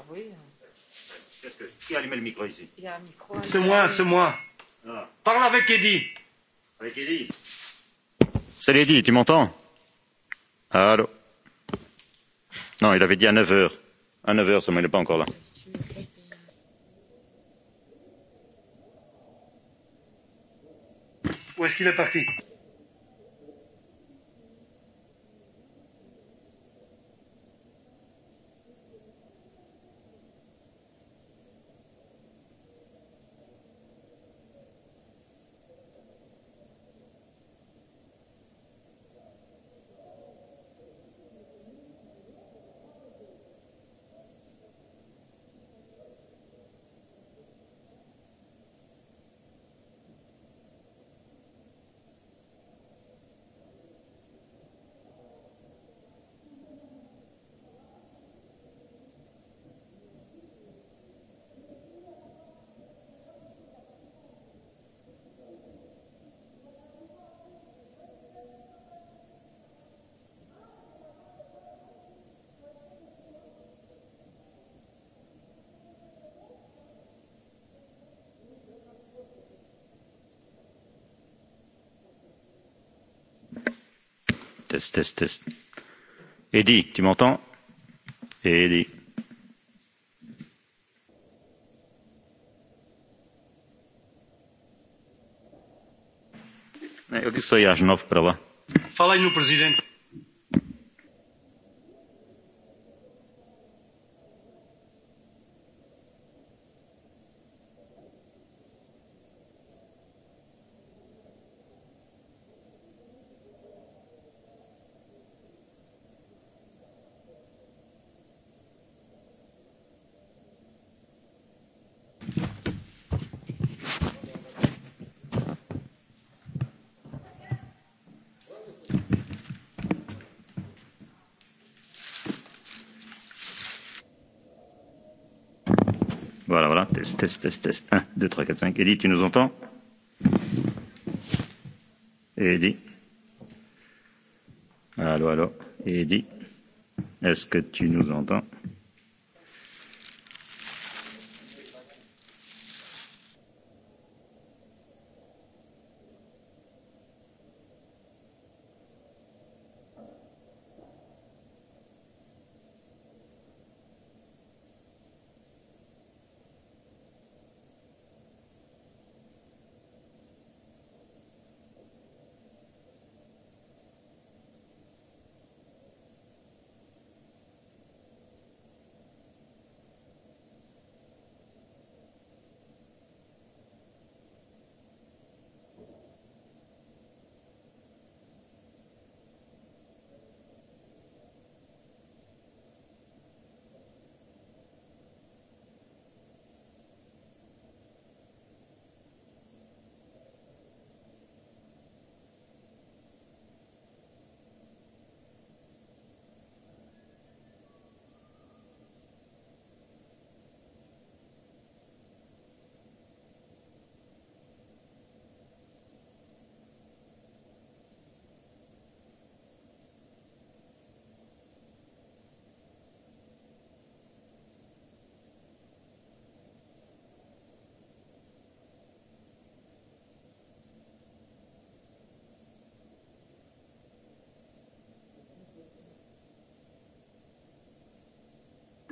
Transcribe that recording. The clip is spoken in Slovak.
Ah oui. Qu'est-ce que... Qui a allumé le micro ici Il y a un micro. C'est moi, c'est moi. Ah. Parle avec Eddie. Avec Eddie. Salut Eddie, tu m'entends Allô Non, il avait dit à 9h. À 9h, ça il n'est pas encore là. Où est-ce qu'il est parti test, test, test. Eddie, tu m'entends Eddie. eu disse aí às nove para lá. Fala aí no presidente. test, test, test, test. 1, 2, 3, 4, 5. Edith, tu nous entends Edith Allô, allô. Edith, est-ce que tu nous entends